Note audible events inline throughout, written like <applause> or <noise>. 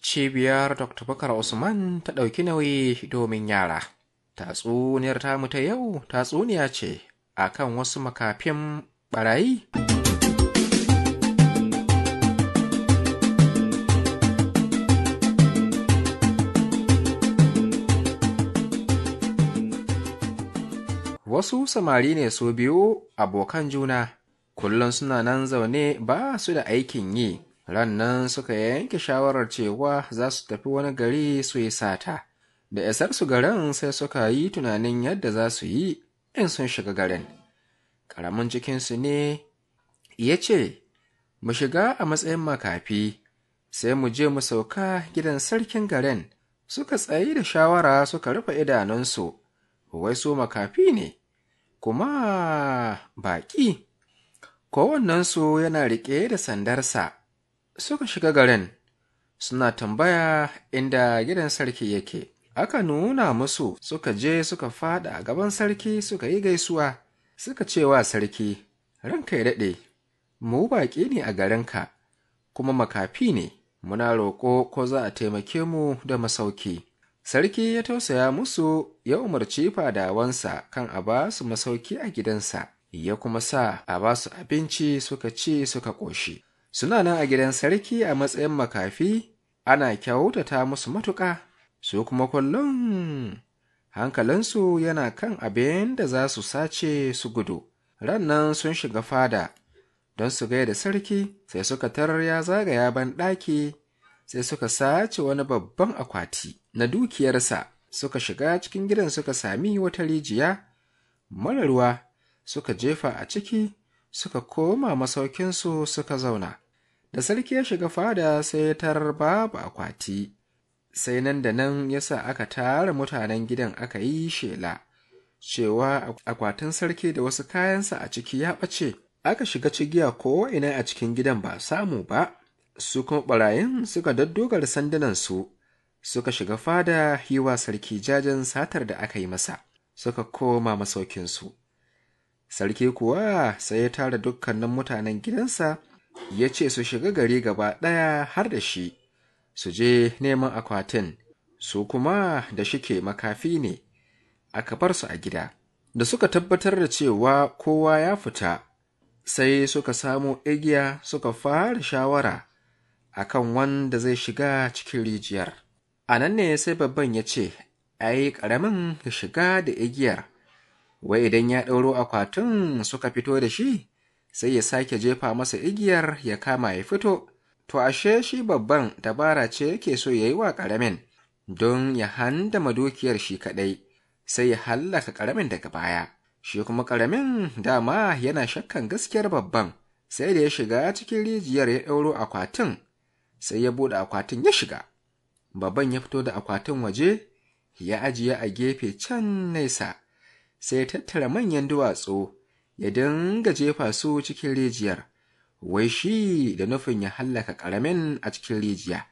cibiyar dr bakar usman ta ɗauki nauyi domin yara tatsuniyar tamu ta yau tatsuniya ce a kan wasu makafin ɓarayi wasu samari ne su biyu abokan juna kullum suna nan zaune ba su da aikin yi rannan suka yanke shawarar cewa za su tafi wani gari su yi sata da isar su garin sai suka yi tunanin yadda za su yi in sun shiga garin ƙaramin cikinsu ne ya ce mu shiga a matsayin makafi sai mu je mu sauka gidan sarkin garin suka tsayi da shawara suka rufe idanunsu wai su makafi ne kuma baƙi kowannensu yana riƙe da sandarsa suka shiga garin suna tambaya inda gidan sarki yake aka nuna musu suka je suka fada a gaban sarki suka yi gaisuwa suka ce wa sarki ranka ya daɗe mu baƙi ne a garinka kuma makafi ne muna roƙo ko za a taimake mu da masauki sarki ya tausaya musu ya umarci fadawansa kan a ba su masauki a gidansa ya kuma sa a ba su abinci suka ci suka ƙoshi suna nan a gidan sarki a matsayin makafi ana kyautata musu matuƙa su kuma kullum hankalinsu yana kan abin da za su sace su gudu rannan sun shiga fada don su gaida sarki sai suka tarar ya zagaya ban ɗaki sai suka sace wani babban akwati na dukiyarsa suka shiga cikin gidan suka sami wata rijiya mara ruwa suka jefa a ciki suka koma masaukinsu suka zauna da sarki ya shiga fada sai ya tarar babu akwati sai nan da nan ya sa aka tara mutanen gidan aka yi shela cewa akwatin sarki da wasu kayansa a ciki ya ɓace aka shiga cigiya ko a cikin gidan ba samu ba su kuma ɓarayin suka daddogara sandunansu suka shiga fada yiwa sarki jajen satar da aka yi masa suka koma masaukinsu sarki kuwa sai ya tara dukkanin mutanen gidansa ya ce su shiga gari gaba ɗaya har da shi su je neman akwatin su kuma da shi ke makafi ne aka bar su a gida da suka tabbatar da cewa kowa ya fita sai suka samu igiya suka fara shawara a kan wanda zai shiga cikin rijiyar a nan ne sai babban ya ce a yi ƙaramin shiga da igiyar wai idan ya ɗauro akwatin suka fito da shi sai ya sake jefa masa igiyar ya kama ya fito to ashe shi babban dabara ce yake so ya yi wa ƙaramin don ya handama dukiyar shi kaɗai sai ya hallaka ƙaramin daga baya shi kuma ƙaramin dama yana shakkan gaskiyar babban sai da ya shiga cikin rijiyar ya ɗauro akwatin sai ya buɗe akwatin ya shiga babban ya fito da akwatin waje ya ajiye a gefe can nesa sai ya tattara manyan duwatsu ya dinga jefa su cikin rijiyar wai shi da nufin ya hallaka ƙaramin a cikin rijiya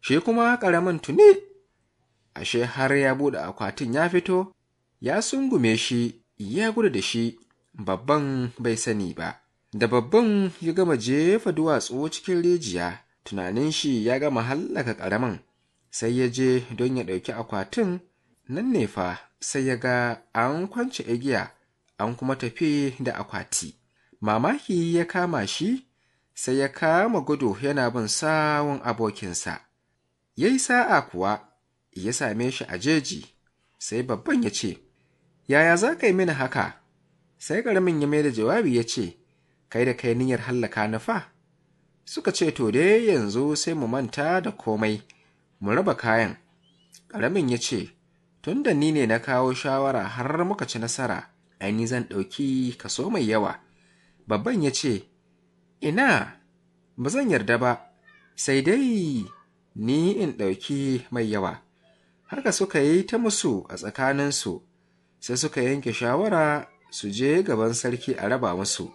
shi kuma ƙaramin tuni ashe har ya buɗe akwatin ya fito ya sungume shi ya gudu da shi babban bai sani ba da babban ya gama jefa duwatsu cikin rijiya tunanin shi ya gama hallaka ƙaramin sai ya je don ya ɗauki akwatin nan ne fa sai ya ga an kwance igiya an kuma tafi da akwati mamaki ya kama shi sai ya kama gudu yana bin sawun abokinsa ya yi sa'a kuwa ya same shi a jeji sai babban ya ce yaya za ka yi mini haka sai ƙaramin ya mai da jawabi ya ce kai da kai niyyar hallaka na fa suka ce to dai yanzu sai mu manta da komai mu raba kayan ƙaramin ya ce tun da ni ne na kawo shawara har muka ci nasara ni zan ɗauki kaso mai yawa babban ya ce ina ba zan yarda ba sai dai ni in ɗauki mai yawa haka suka yi ta musu a tsakaninsu sai suka yanke shawara su je gaban sarki a raba musu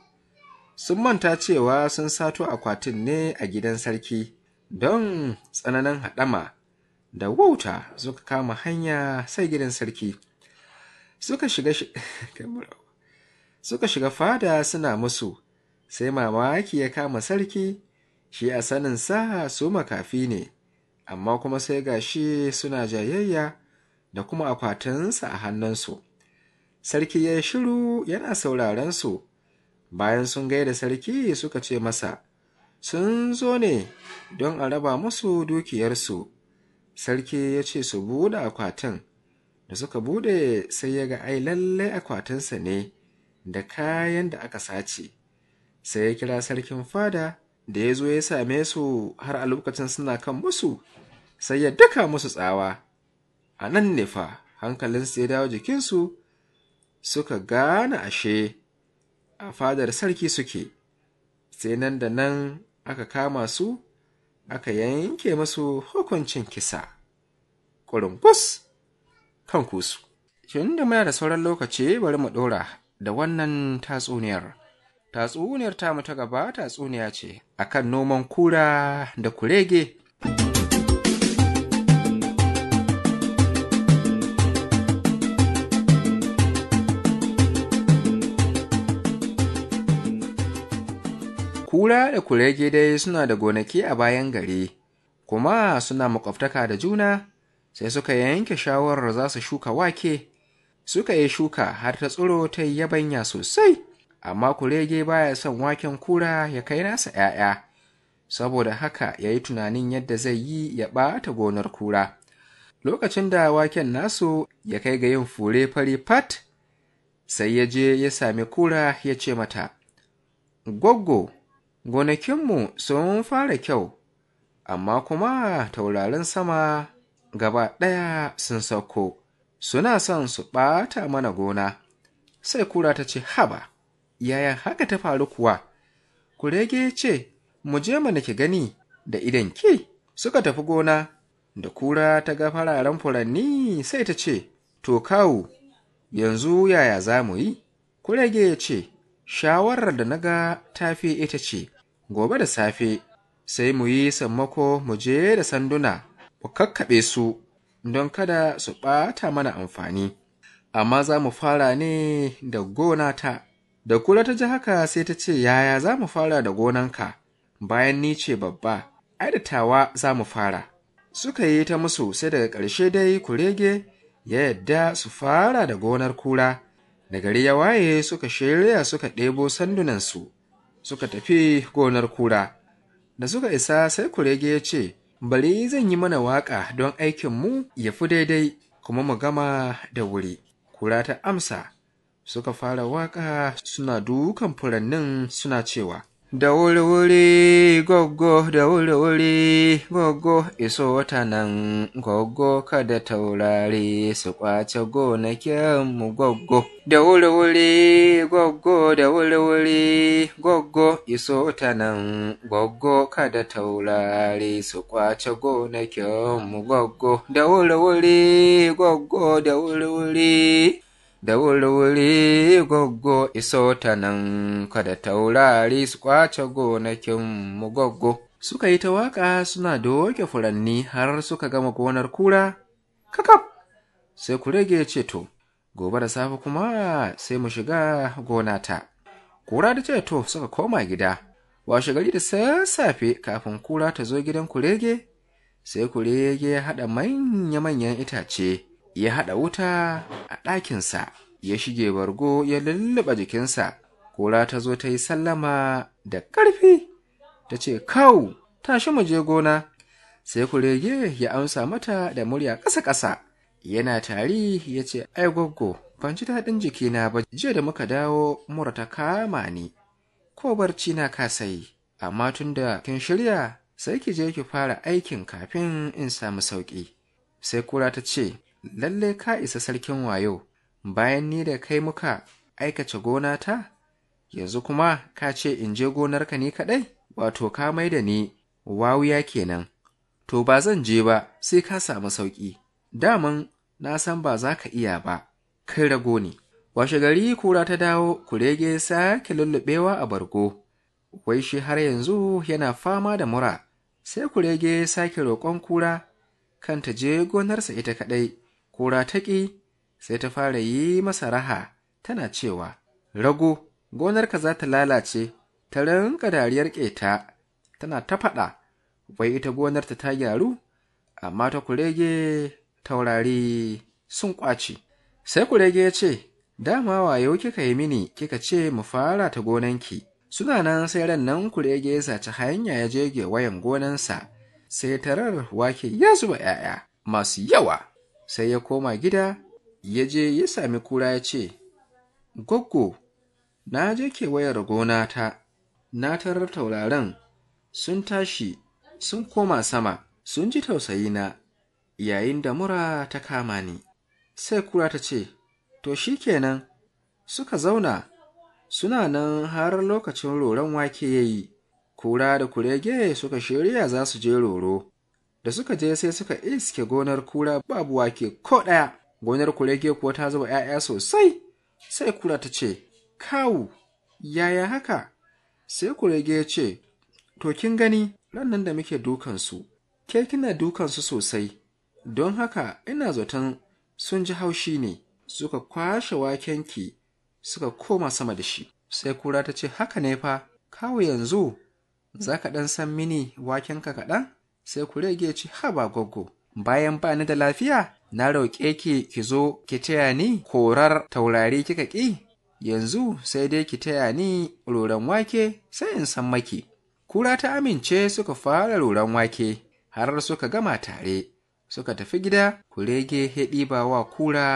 sun manta cewa sun sato akwatin ne a gidan sarki don tsananin haɗama da wauta suka kama hanya sai gidan sarki suka shiga <laughs> suka shiga fada suna musu sai mamaki ya kama sarki shi a sanin sa su makafi ne amma kuma sai gashi suna jayayya da kuma akwatinsa a hannunsu sarki ya shiru yana sauraron su bayan sun gaida sarki suka ce masa sun zo ne don a raba musu dukiyarsu sarki ya ce su buɗe akwatin da suka buɗe sai ya ga ai lallai akwatinsa ne da kayan da aka sace sai ya kira sarkin fada da ya zo ya same su har a lokacin suna kan musu sai ya daka musu tsawa a nan ne fa hankalinsu ya dawo jikinsu suka gane ashe a fadar sarki suke sai nan da nan aka kama su aka yanke masu hukuncin kisa ƙurungus kan kusu shin da muna da sauran lokaci bari mu ɗora da wannan tatsuniyar tatsuniyar tamu ta gaba tatsuniya ce akan noman kura da kurege kura da kurege dai suna da gonaki a bayan gari kuma suna makwabtaka da juna sai suka yanke shawarar za su shuka wake suka yi shuka har ta tsiro ta yi yabanya sosai amma kurege baya son waken kura ya kai nasa 'ya'ya saboda haka ya yi tunanin yadda zai yi ya ɓata gonar kura lokacin da waken nasu ya kai ga yin fure fari fat sai ya je ya sami kura ya ce mata Goggo, Gonakinmu sun fara kyau, amma kuma taurarin sama gaba ɗaya sun sauko, suna son su ɓata mana gona. Sai kura ta ce, Haba, yaya haka ta faru kuwa? Kurege ce, Mu je mana ki gani da idan ki suka tafi gona, da kura ta ga fararen furanni sai ta ce, To kawu, yanzu yaya za mu yi? Kurege ce, shawarar da naga tafi ita ce gobe da safe sai mu yi sammako mu je da sanduna mu kakkaɓe su don kada su ɓata mana amfani amma za mu fara ne da gona ta, da kula ta ji haka sai ta ce yaya za mu fara da gonanka bayan ni ce babba ai da tawa za mu fara suka yi ta musu sai daga ƙarshe dai ku rege ya yadda su fara da gonar kura da gari ya waye suka shirya suka ɗebo sandunansu suka tafi gonar kura da suka isa sai kurege ya ce bari zan yi mana waƙa don aikinmu ya fi daidai kuma mu gama da wuri kura ta amsa suka fara waƙa suna dukan furannin suna cewa Da wuri-wuri goggo da wuri-wuri goggo iso wata nan goggo kada taurari su kwace gonakinmu gogo Da wuri-wuri goggo da wuri-wuri goggo iso ta nan goggo kada taurari su kwace gonakinmu goggo. Da wuri-wuri goggo da wuri-wuri. da wuri-wuri goggo iso ta nan kada taurari su kwace gonakin mu, goggo. Suka yi ta waƙa suna doke furanni har suka gama gonar kura, kakaf sai ku rage ceto, gobe da safe kuma sai mu shiga gonata. Kura da ceto suka koma gida, washe gari da sassafe kafin kura ta zo gidan kurege, sai kurege haɗa manya-manyan itace. ya haɗa wuta a ɗakinsa ya shige bargo ya lulluɓa jikinsa kura ta zo ta yi sallama da ƙarfi ta ce kawu tashi mu je gona sai kurege ya amsa mata da murya ƙasa-ƙasa yana tari ya ce ai goggo ban ji daɗin jikina ba jiya da muka dawo mura ta kama ni ko barci na ka sayi, amma tun da kin shirya sai ki je ki fara aikin kafin in samu sauƙi sai kura ta ce lalle ka isa sarkin wayo, bayan ni da kai muka aikace ta? yanzu kuma ka ce in je gonarka ni kaɗai, wato ka mai da ni Wawuya kenan. To ba zan je ba sai ka samu sauƙi, daman na san ba za ka iya ba, kai rago ne. Washe gari kura ta dawo, kurege sake lulluɓewa a bargo, wai shi har yanzu yana fama da mura, sai kurege sake roƙon kura, kanta je gonarsa ita kaɗai. kura sai ta fara yi masa raha tana cewa rago gonarka za ta lalace ta rinka dariyar ƙeta tana ta faɗa wai ita gonarta ta gyaru amma ta kurege taurari sun ƙwace sai kurege ya ce dama wayo kika yi mini kika ce mu fara ta gonanki suna nan sai ran nan kurege ya saci hanya ya jege wayan gonansa sai tarar wake ya zuba 'ya'ya masu yawa sai ya koma gida ya je ya sami kura ya ce Goggo. na je kewayar gona ta. na tarar tauraron sun tashi sun koma sama sun ji tausayi na yayin da mura ta kama ni sai kura ta ce to shi kenan suka zauna suna nan har lokacin roron wake ya yi kura da kurege suka shirya za su je roro da suka je sai suka iske gonar kura babu wake ko ɗaya gonar kurege kuwa ta zuba ‘ya'ya sosai sai kura ta ce kawu yaya haka sai kurege ya ce to kin gani nan da muke dukansu ke kina dukansu sosai don haka ina zaton sun ji haushi ne suka kwashe wakenki suka koma sama da shi sai kura ta ce haka ne fa Kawu yanzu za ka ɗan san mini wakenka kaɗan sai ku rage ci haba goggo bayan ba ni da lafiya na roƙe ki ki zo ki taya ni korar taurari kika ƙi yanzu sai dai ki taya ni roran wake sai in san maki kura ta amince suka fara roran wake har suka gama tare suka tafi gida kurege ya ɗiba wa kura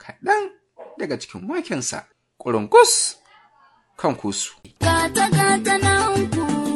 kaɗan daga cikin wakensa Ƙurunkus, kan kusu gata gata na hunku